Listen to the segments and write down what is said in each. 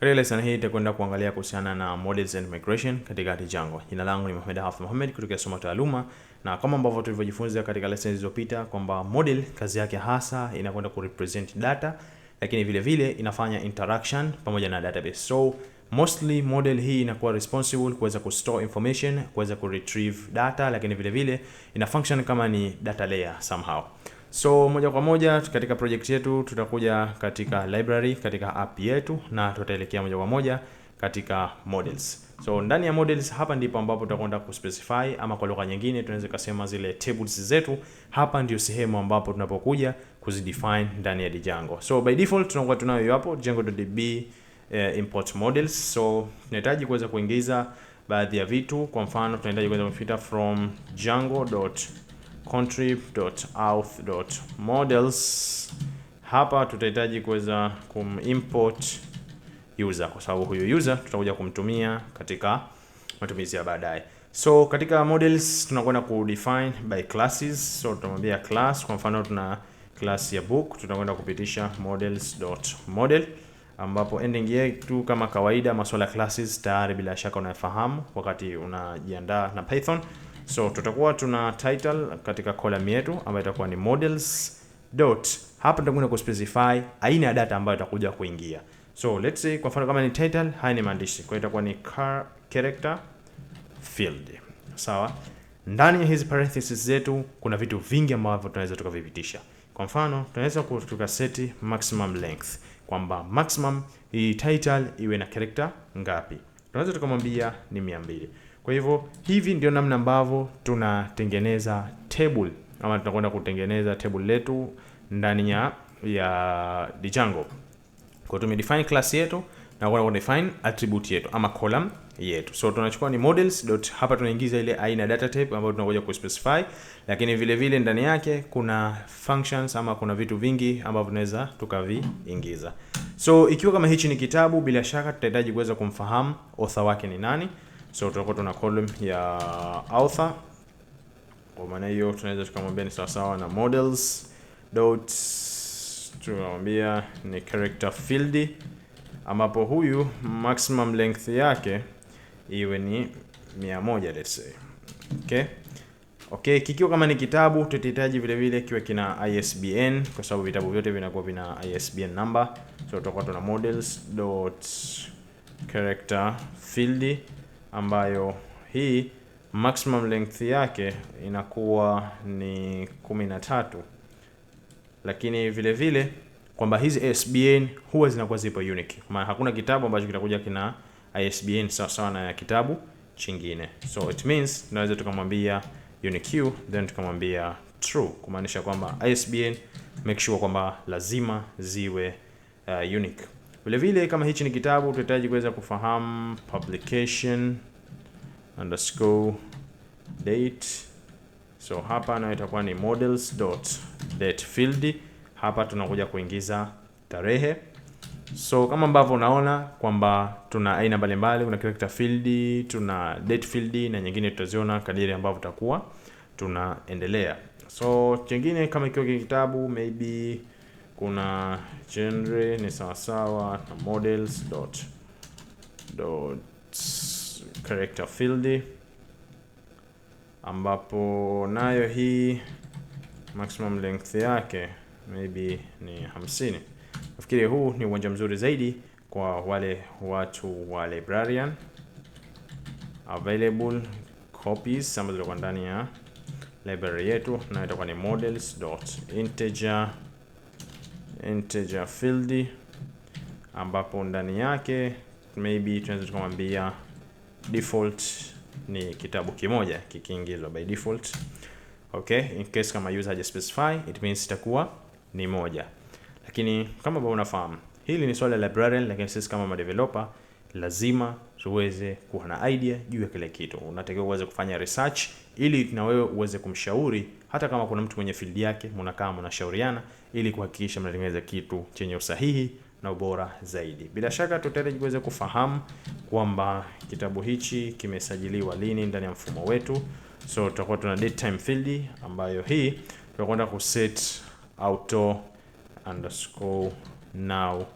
Katika lesson hii tutakwenda kuangalia kuhusiana na models and migration katika Django. Jina langu ni Mohamed Hafidh Mohamed kutoka Soma Taaluma, na kama ambavyo tulivyojifunza katika lesson zilizopita kwamba model kazi yake hasa inakwenda ku represent data, lakini vile vile inafanya interaction pamoja na database. So mostly model hii inakuwa responsible kuweza ku store information, kuweza ku retrieve data, lakini vile vile ina function kama ni data layer somehow. So moja kwa moja katika project yetu tutakuja katika library, katika app yetu na tutaelekea moja kwa moja katika models. So ndani ya models hapa ndipo ambapo tutakwenda ku specify ama kwa lugha nyingine tunaweza kusema zile tables zetu. Hapa ndio sehemu ambapo tunapokuja kuzidefine ndani ya Django. So by default tunakuwa tunayo hapo Django.db eh, import models. So tunahitaji kuweza kuingiza baadhi ya vitu, kwa mfano tunahitaji kuweza kufita from Django contrib.auth.models. Hapa tutahitaji kuweza kumimport user kwa sababu huyu user tutakuja kumtumia katika matumizi ya baadaye. So katika models tunakwenda ku define by classes. So tutamwambia class, kwa mfano tuna class ya book, tutakwenda kupitisha models.model ambapo ending yetu kama kawaida, masuala ya classes tayari bila shaka unayafahamu wakati unajiandaa na Python. So tutakuwa tuna title katika column yetu ambayo itakuwa ni models dot. Hapa tutakwenda ku specify aina ya data ambayo itakuja kuingia. So let's say kwa mfano kama ni title, haya ni maandishi. Kwa hiyo itakuwa ni car character field. Sawa? Ndani ya hizi parentheses zetu kuna vitu vingi ambavyo tunaweza tukavipitisha. Kwa mfano, tunaweza kutuka set maximum length kwamba maximum hii title iwe na character ngapi. Tunaweza tukamwambia ni 200. Kwa hivyo hivi ndio namna ambavyo tunatengeneza table ama tunakwenda kutengeneza table letu ndani ya ya Django. Kwa tume define class yetu na kwa define attribute yetu ama column yetu. So tunachukua ni models dot hapa tunaingiza ile aina data type ambayo tunakuja ku specify, lakini vile vile ndani yake kuna functions ama kuna vitu vingi ambavyo tunaweza tukaviingiza. So ikiwa kama hichi ni kitabu, bila shaka tutahitaji kuweza kumfahamu author wake ni nani. So tutakuwa tuna column ya author. Kwa maana hiyo tunaweza tukamwambia ni sawasawa na models dot tunamwambia ni character field, ambapo huyu maximum length yake iwe ni 100 let's say. Okay. Okay, kikiwa kama ni kitabu tutahitaji vile vile kiwe kina ISBN kwa sababu vitabu vyote vinakuwa vina ISBN number. So tutakuwa tuna models dot character field ambayo hii maximum length yake inakuwa ni 13, lakini vile vile kwamba hizi ISBN huwa zinakuwa zipo unique, maana hakuna kitabu ambacho kitakuja kina ISBN sawa sawa na kitabu chingine. So it means tunaweza tukamwambia unique then tukamwambia true, kumaanisha kwamba ISBN make sure kwamba lazima ziwe uh, unique. Vile vile kama hichi ni kitabu tutahitaji kuweza kufahamu publication underscore date. So hapa nayo itakuwa ni models dot date field. Hapa tunakuja kuingiza tarehe. So kama ambavyo unaona kwamba tuna aina mbalimbali, kuna character field, tuna date field na nyingine tutaziona kadiri ambavyo tutakuwa tunaendelea. So chengine kama ikiwa kitabu maybe kuna genre ni sawasawa na models dot dot character field, ambapo nayo hii maximum length yake maybe ni 50. Nafikiri huu ni uwanja mzuri zaidi kwa wale watu wa librarian. Available copies ambazo zilikuwa ndani ya library yetu, nayo itakuwa ni models integer field ambapo ndani yake maybe tunaweza tukamwambia default ni kitabu kimoja kikiingizwa by default. Okay, in case kama user haja specify it means itakuwa ni moja, lakini kama ambavyo unafahamu hili ni swala la librarian, lakini sisi kama madeveloper lazima uweze kuwa na idea juu ya kile kitu. Unatakiwa uweze kufanya research ili na wewe uweze kumshauri, hata kama kuna mtu mwenye field yake, mnakaa mnashauriana ili kuhakikisha mnatengeneza kitu chenye usahihi na ubora zaidi. Bila shaka tutahitaji kuweza kufahamu kwamba kitabu hichi kimesajiliwa lini ndani ya mfumo wetu. So tutakuwa tuna date time field ambayo hii tutakwenda ku set auto underscore now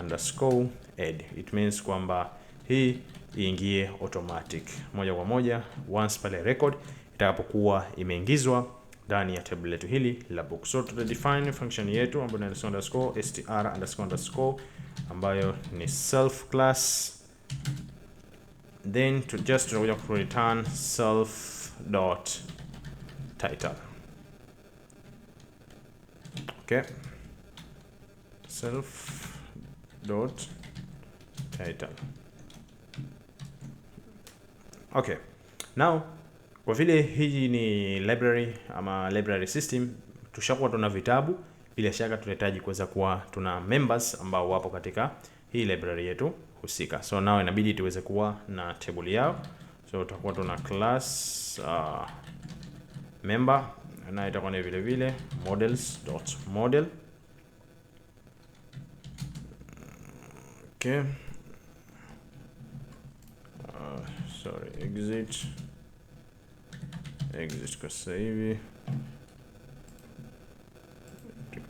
underscore add. It means kwamba hii iingie automatic moja kwa moja once pale record itakapokuwa imeingizwa ndani ya table letu hili la book. So tuta define function yetu ambayo ni underscore str underscore ambayo ni self class, then to just tutakuja ku return self dot title. Okay, self dot title Okay. Now kwa vile hii ni library ama library system, tushakuwa tuna vitabu, bila shaka tunahitaji kuweza kuwa tuna members ambao wapo katika hii library yetu husika. So now inabidi tuweze kuwa na table yao. So tutakuwa tuna class uh, member na itakuwa ni vile vile models.model. Okay sorry, exit exit kwa save,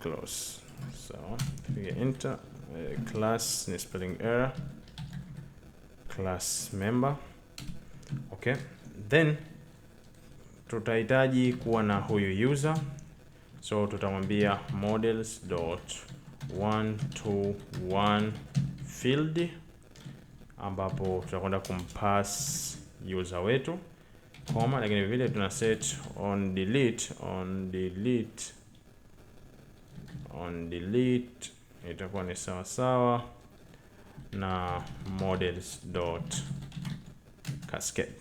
close so, if piga enter. Uh, class ni spelling error, class member. Okay, then tutahitaji kuwa na huyu user, so tutamwambia models field, okay, field ambapo tutakwenda kumpass user wetu koma, lakini vile tuna set on delete on delete on delete itakuwa ni sawa sawa na models dot cascade.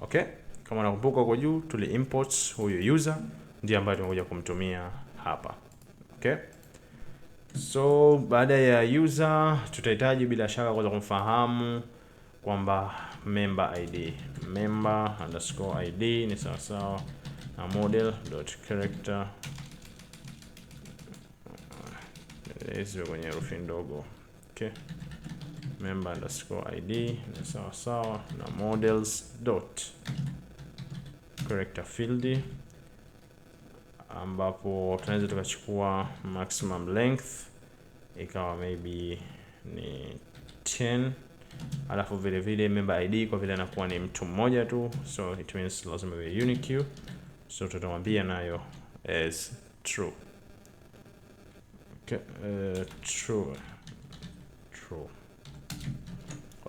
Okay, kama nakumbuka huko juu tuli import huyo user, ndiye ambaye tumekuja kumtumia hapa. Okay. So baada ya user tutahitaji bila shaka kwanza kumfahamu kwamba member id, member underscore id ni sawa sawa na model dot character hizo kwenye herufi ndogo okay. Member underscore id ni sawa sawa na models dot character field ambapo tunaweza tukachukua maximum length ikawa maybe ni 10 alafu vile vile member ID kwa vile anakuwa ni mtu mmoja tu, so it means lazima iwe unique, so tutamwambia nayo as true. Okay, uh, true true.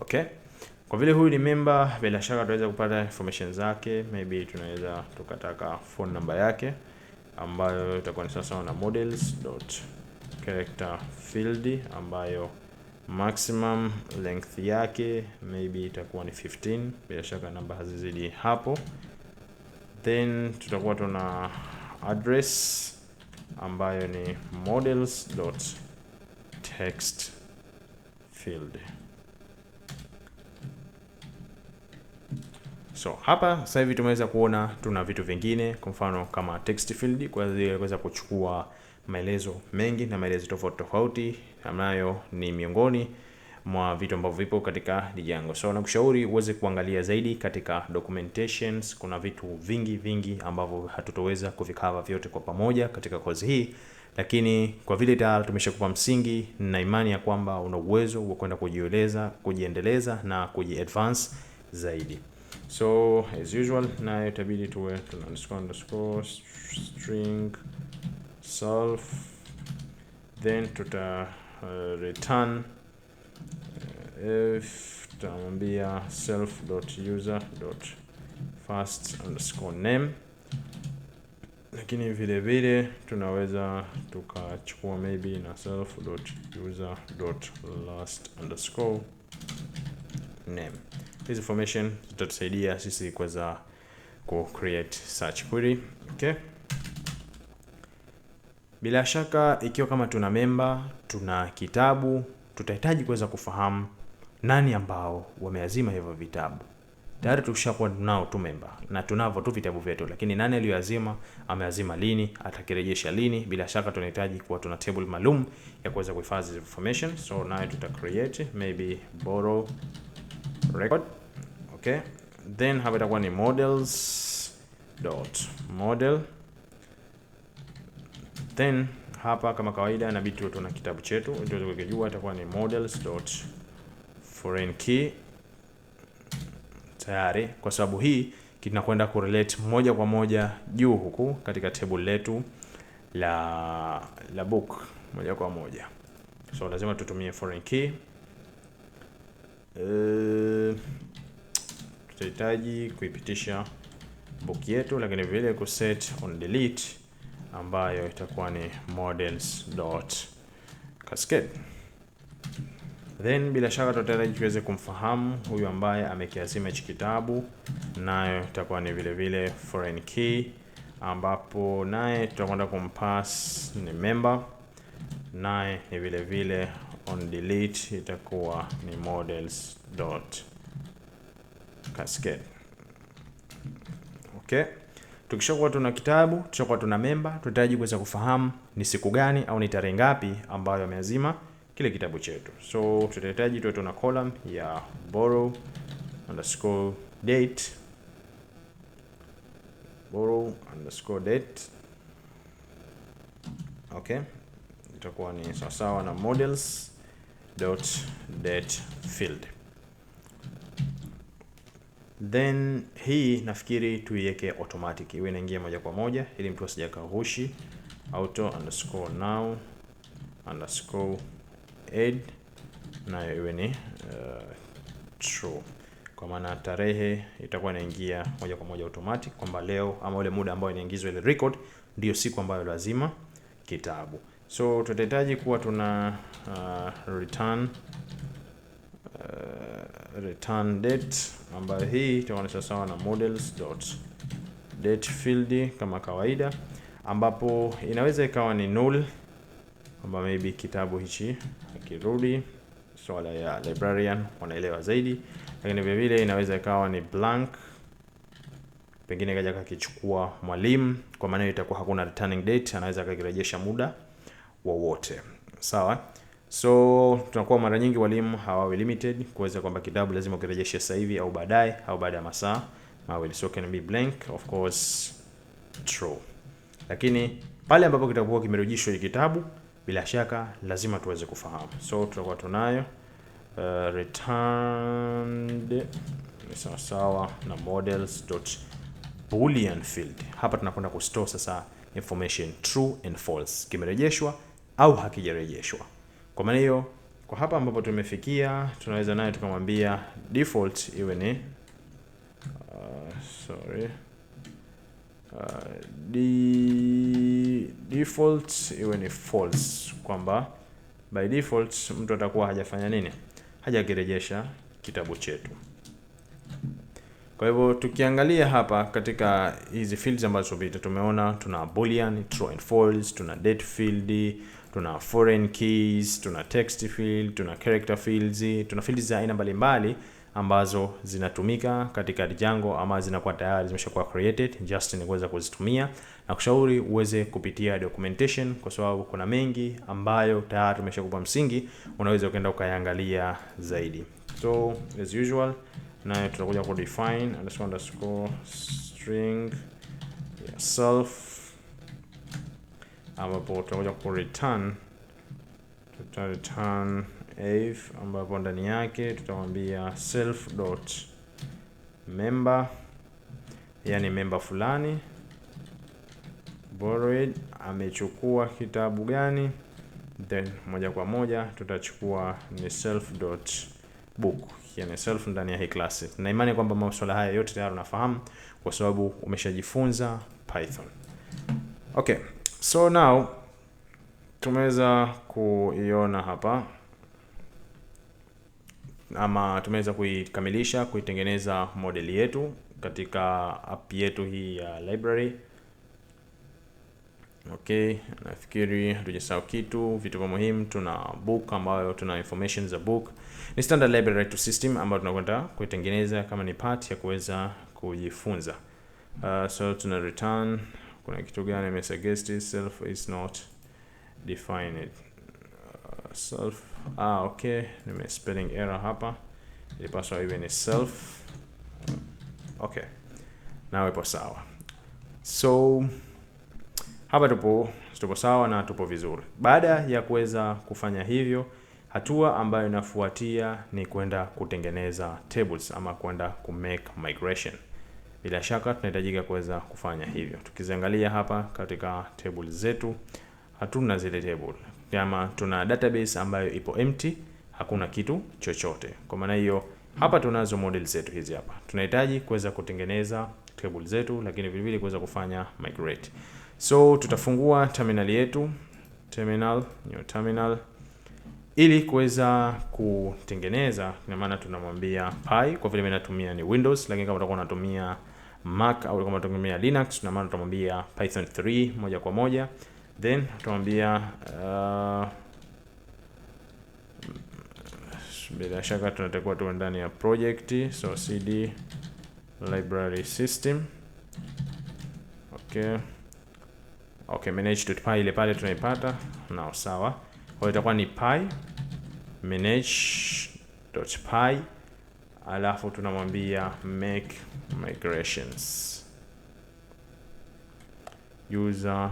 Okay, kwa vile huyu ni memba bila shaka tunaweza kupata information zake, maybe tunaweza tukataka phone number yake ambayo itakuwa ni sawasawa na models dot character field ambayo maximum length yake maybe itakuwa ni 15, bila shaka namba hazizidi hapo. Then tutakuwa tuna address ambayo ni models dot text field. So hapa sasa hivi tumeweza kuona tuna vitu vingine, kwa mfano kama text field kwa ajili ya kuweza kuchukua maelezo mengi na maelezo tofauti tofauti, ambayo ni miongoni mwa vitu ambavyo vipo katika Django. So nakushauri uweze kuangalia zaidi katika documentations, kuna vitu vingi vingi ambavyo hatutoweza kuvikava vyote kwa pamoja katika kozi hii, lakini kwa vile tayari tumeshakupa msingi na imani ya kwamba una uwezo wa kwenda kujieleza, kujiendeleza na kujiadvance zaidi. So as usual, nayo itabidi tuwe tuna underscore underscore string self, then tuta uh, return uh, if tamambia self dot user dot first underscore name, lakini vile vile tunaweza tukachukua maybe na self dot user dot last underscore name hizi information zitatusaidia sisi kuweza ku create search query okay. Bila shaka ikiwa kama tuna memba, tuna kitabu, tutahitaji kuweza kufahamu nani ambao wameazima hivyo vitabu. Tayari tukishakuwa tunao tu memba na tunavyo tu vitabu vyetu, lakini nani aliyoazima, ameazima lini, atakirejesha lini? Bila shaka tunahitaji kuwa tuna table maalum ya kuweza kuhifadhi information, so nayo tuta create maybe borrow record okay then hapa itakuwa in models dot model then hapa kama kawaida inabidi tuwe tuna kitabu chetu ndio tukijua itakuwa ni models dot foreign key tayari kwa sababu hii kinakwenda kurelate moja kwa moja juu huku katika table letu la la book moja kwa moja so lazima tutumie foreign key Ee, tutahitaji kuipitisha book yetu, lakini vile ku set on delete ambayo itakuwa ni models dot cascade. Then bila shaka tutahitaji tuweze kumfahamu huyu ambaye amekiazima hichi kitabu, nayo itakuwa ni vile vile foreign key, ambapo naye tutakwenda kumpass ni member, naye ni vile vile on delete itakuwa ni models dot cascade. Okay, tukishakuwa tuna kitabu, tukishakuwa tuna member, tutahitaji kuweza kufahamu ni siku gani au ni tarehe ngapi ambayo ameazima kile kitabu chetu. So tutahitaji tuwe tuna column ya borrow underscore date, borrow underscore date. Okay, itakuwa ni sawasawa na models dot date field. Then hii nafikiri tuiweke automatic iwe inaingia moja kwa moja ili mtu asijakaghushi. Auto underscore now underscore add nayo iwe ni uh, true, kwa maana tarehe itakuwa inaingia moja kwa moja automatic kwamba leo ama ule muda ambao inaingizwa ile record ndio siku ambayo lazima kitabu So tutahitaji kuwa tuna uh, return uh, return date ambayo hii itaonyesha sawa na models dot date field kama kawaida, ambapo inaweza ikawa ni null, kwamba maybe kitabu hichi akirudi swala ya librarian wanaelewa zaidi, lakini vile vile inaweza ikawa ni blank, pengine kaja kakichukua mwalimu, kwa maana itakuwa hakuna returning date, anaweza akakirejesha muda wowote. Sawa, so tunakuwa mara nyingi walimu hawawi limited kuweza kwamba kitabu lazima ukirejeshe sasa hivi au baadaye au baada ya masaa mawili, so can be blank of course true. Lakini pale ambapo kitakuwa kimerejeshwa hiki kitabu, bila shaka lazima tuweze kufahamu, so tutakuwa tunayo uh, returned sawasawa na models boolean field. Hapa tunakwenda kustore sasa information true and false, kimerejeshwa au hakijarejeshwa. Kwa maana hiyo, kwa hapa ambapo tumefikia, tunaweza naye tukamwambia default iwe ni uh, sorry uh, di, default iwe ni false, kwamba by default mtu atakuwa hajafanya nini, hajakirejesha kitabu chetu. Kwa hivyo tukiangalia hapa katika hizi fields ambazo zilizopita, tumeona tuna boolean, true and false, tuna date field tuna foreign keys, tuna text field, tuna character fields, tuna fields za aina mbalimbali ambazo zinatumika katika Django ama zinakuwa tayari zimeshakuwa created just ni kuweza kuzitumia, na kushauri uweze kupitia documentation, kwa sababu kuna mengi ambayo tayari tumeshakupa msingi, unaweza ukaenda ukaangalia zaidi. So as usual, na tutakuja ku define underscore underscore string self ambapo tutakuja ku return tuta return if ambapo ndani yake tutamwambia self dot member, yani member fulani borrowed amechukua kitabu gani, then moja kwa moja tutachukua ni self dot book yani self ndani ya hii klasi. Na imani kwamba masuala haya yote tayari unafahamu kwa sababu umeshajifunza Python. Okay. So now tumeweza kuiona hapa ama tumeweza kuikamilisha kuitengeneza modeli yetu katika app yetu hii ya library. Okay, nafikiri hatujasahau kitu, vitu vya muhimu. Tuna book ambayo tuna information za book, ni standard library to system ambayo tunakwenda kuitengeneza kama ni part ya kuweza kujifunza. Uh, so tuna return kuna kitu gani imesuggest itself is not defined uh, self ah, okay, nime spelling error hapa, ilipaswa iwe ni self. Okay, nawe ipo sawa. So hapa tupo tupo sawa na tupo vizuri. Baada ya kuweza kufanya hivyo, hatua ambayo inafuatia ni kwenda kutengeneza tables ama kwenda kumake migration. Bila shaka tunahitajika kuweza kufanya hivyo. Tukiziangalia hapa katika table zetu, hatuna zile table kama tuna database ambayo ipo empty, hakuna kitu chochote. Kwa maana hiyo, hapa tunazo model zetu hizi hapa. Tunahitaji kuweza kutengeneza table zetu, lakini vile vile kuweza kufanya migrate. So tutafungua terminal yetu, terminal new terminal, ili kuweza kutengeneza. Ina maana tunamwambia pi, kwa vile mimi natumia ni Windows, lakini kama utakuwa unatumia Mac au kama tunatumia Linux, na maana tutamwambia Python 3 moja kwa moja, then tutamwambia uh, bila shaka tunatakiwa tuwe ndani ya project, so cd library system. Okay, okay, manage.py ile pale tunaipata na sawa. Kwa hiyo itakuwa ni py manage.py alafu tunamwambia make migrations user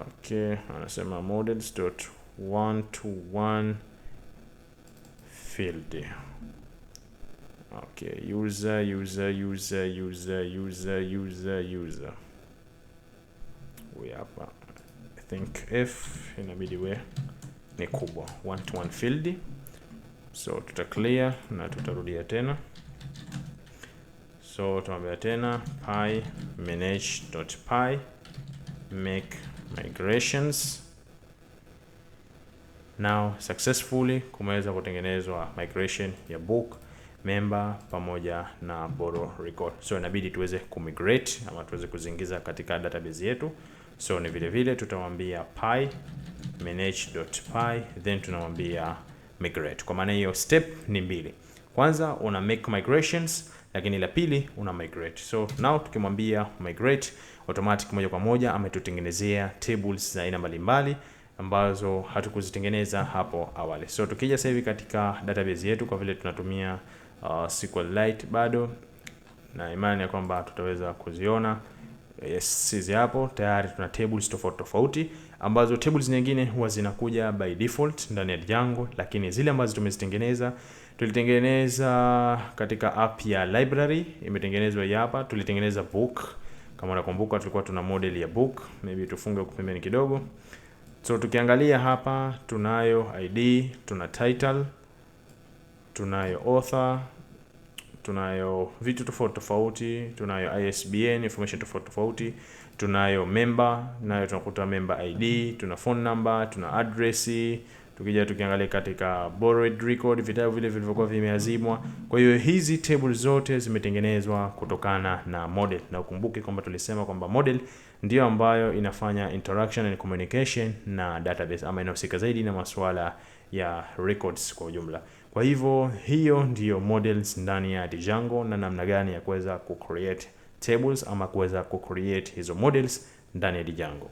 okay, anasema models dot one to one field okay, user user user user user user user we hapa I think f inabidi we ni kubwa one to one field So tuta clear na tutarudia tena. So tuambia tena pi manage.py make migrations. Now successfully kumeweza kutengenezwa migration ya book member pamoja na borrow record. So inabidi tuweze kumigrate ama tuweze kuzingiza katika database yetu. So ni vile vile tutamwambia pi manage.py then tunamwambia migrate. Kwa maana hiyo step ni mbili, kwanza una make migrations, lakini la pili una migrate. So now tukimwambia migrate, automatic moja kwa moja ametutengenezea tables za aina mbalimbali ambazo hatukuzitengeneza hapo awali. So tukija sasa hivi katika database yetu, kwa vile tunatumia uh, SQLite bado na imani ya kwamba tutaweza kuziona. Eh, yes, sizi hapo tayari tuna tables tofauti tofauti ambazo tables nyingine huwa zinakuja by default ndani ya Django, lakini zile ambazo tumezitengeneza tulitengeneza katika app ya library, imetengenezwa hii hapa. Tulitengeneza book, kama unakumbuka, tulikuwa tuna model ya book. Maybe tufunge huko pembeni kidogo. So tukiangalia hapa, tunayo id, tuna title, tunayo author tunayo vitu tofauti tofauti, tunayo ISBN information tofauti tofauti, tunayo member, nayo tunakuta member ID, tuna phone number, tuna address. Tukija tukiangalia katika borrowed record, vitabu vile vilivyokuwa vimeazimwa. Kwa hiyo hizi table zote zimetengenezwa kutokana na model, na ukumbuke kwamba tulisema kwamba model ndiyo ambayo inafanya interaction and communication na database, ama inahusika zaidi na masuala ya records kwa ujumla. Kwa hivyo hiyo ndiyo models ndani ya Django na namna gani ya kuweza kucreate tables ama kuweza kucreate hizo models ndani ya Django.